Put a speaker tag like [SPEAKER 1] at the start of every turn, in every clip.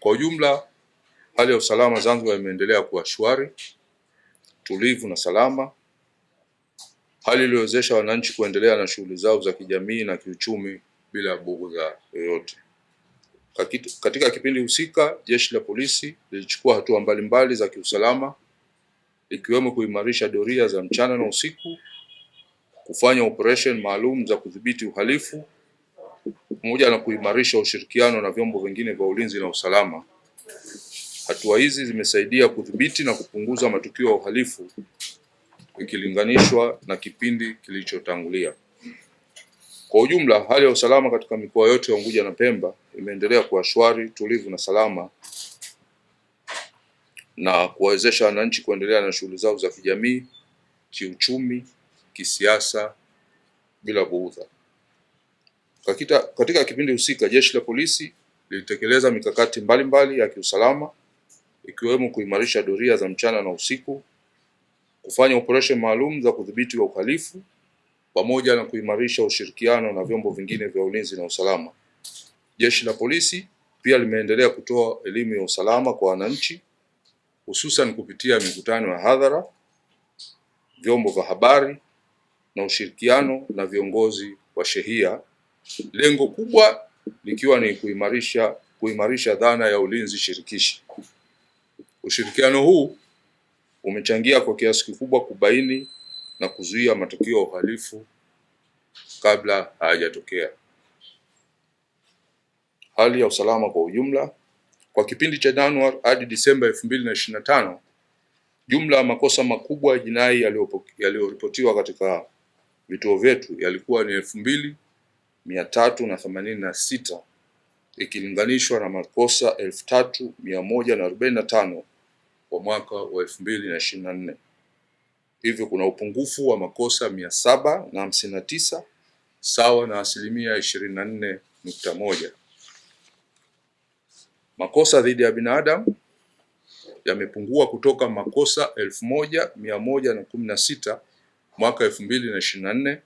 [SPEAKER 1] Kwa ujumla, hali ya usalama Zanzibar imeendelea kuwa shwari, tulivu na salama, hali iliyowezesha wananchi kuendelea na shughuli zao za kijamii na kiuchumi bila bughudha yoyote. Katika kipindi husika, jeshi la polisi lilichukua hatua mbalimbali za kiusalama ikiwemo kuimarisha doria za mchana na usiku, kufanya operation maalum za kudhibiti uhalifu pamoja na kuimarisha ushirikiano na vyombo vingine vya ulinzi na usalama. Hatua hizi zimesaidia kudhibiti na kupunguza matukio ya uhalifu ikilinganishwa na kipindi kilichotangulia. Kwa ujumla, hali ya usalama katika mikoa yote ya Unguja na Pemba imeendelea kuwa shwari, tulivu na salama na kuwawezesha wananchi kuendelea na shughuli zao za kijamii, kiuchumi, kisiasa bila kuudha. Kakita, katika kipindi husika jeshi la polisi lilitekeleza mikakati mbalimbali mbali ya kiusalama ikiwemo kuimarisha doria za mchana na usiku, kufanya operesheni maalum za kudhibiti wa uhalifu pamoja na kuimarisha ushirikiano na vyombo vingine vya ulinzi na usalama. Jeshi la polisi pia limeendelea kutoa elimu ya usalama kwa wananchi hususan kupitia mikutano ya hadhara, vyombo vya habari na ushirikiano na viongozi wa shehia lengo kubwa likiwa ni kuimarisha kuimarisha dhana ya ulinzi shirikishi. Ushirikiano huu umechangia kwa kiasi kikubwa kubaini na kuzuia matukio ya uhalifu kabla hayajatokea. Hali ya usalama kwa ujumla, kwa kipindi cha Januari hadi Disemba 2025, jumla ya makosa makubwa ya jinai yaliyoripotiwa katika vituo vyetu yalikuwa ni elfu mbili mia tatu na themanini na sita ikilinganishwa na makosa elfu tatu mia moja na arobaini na tano kwa mwaka wa elfu mbili na ishirini na nne. Hivyo kuna upungufu wa makosa mia saba na hamsini na tisa sawa na asilimia ishirini na nne nukta moja. Makosa dhidi ya binadamu yamepungua kutoka makosa elfu moja mia moja na kumi na sita mwaka elfu mbili na ishirini na nne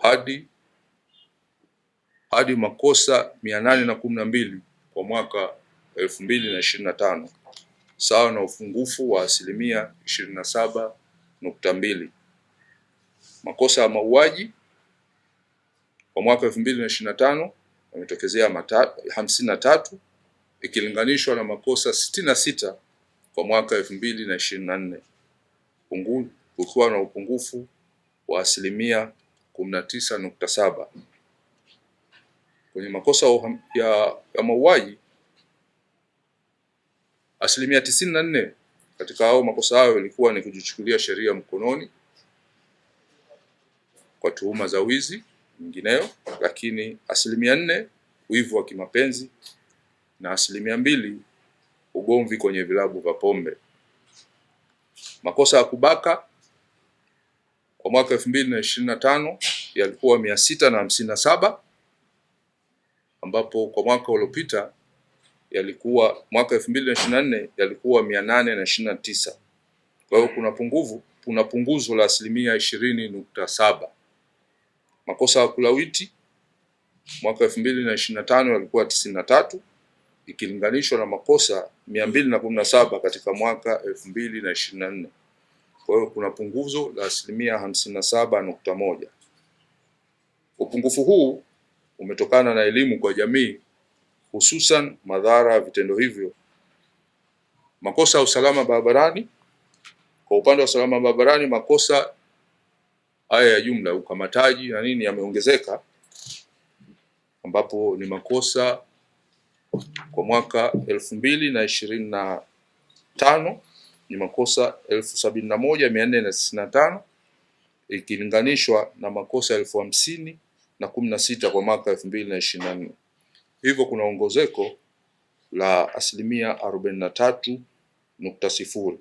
[SPEAKER 1] hadi hadi makosa mia nane na kumi na mbili kwa mwaka elfu mbili na ishirini na tano sawa na ufungufu wa asilimia ishirini na saba nukta mbili. Makosa ya mauaji kwa mwaka elfu mbili na ishirini na tano yametokezea hamsini na tatu ikilinganishwa na makosa sitini na sita kwa mwaka elfu mbili na ishirini na nne kukiwa na upungufu wa asilimia kumi na tisa nukta saba kwenye makosa ya, ya mauaji, asilimia tisini na nne katika hao makosa hayo ilikuwa ni kujichukulia sheria mkononi kwa tuhuma za wizi nyingineyo, lakini asilimia nne wivu wa kimapenzi na asilimia mbili ugomvi kwenye vilabu vya pombe. Makosa ya kubaka kwa mwaka elfu mbili na ishirini na tano yalikuwa mia sita na hamsini na saba ambapo kwa mwaka uliopita yalikuwa mwaka elfu mbili na ishirini na nne yalikuwa mia nane na ishirini na tisa. Kwa hiyo kuna punguvu kuna punguzo la asilimia ishirini nukta saba. Makosa ya kulawiti mwaka elfu mbili na ishirini na tano yalikuwa tisini na tatu ikilinganishwa na makosa mia mbili na kumi na saba katika mwaka elfu mbili na ishirini na nne. Kwa hiyo kuna punguzo la asilimia hamsini na saba nukta moja. Upungufu huu umetokana na elimu kwa jamii, hususan madhara ya vitendo hivyo. Makosa ya usalama barabarani. Kwa upande wa usalama barabarani, makosa haya ya jumla, ukamataji na nini, yameongezeka ambapo ni makosa kwa mwaka elfu mbili na ishirini na tano ni makosa elfu sabini na moja mia nne na tisini na tano ikilinganishwa na makosa elfu hamsini na kumi na sita kwa mwaka elfu mbili na ishirini na nne. Hivyo kuna ongezeko la asilimia arobaini na tatu nukta sifuri.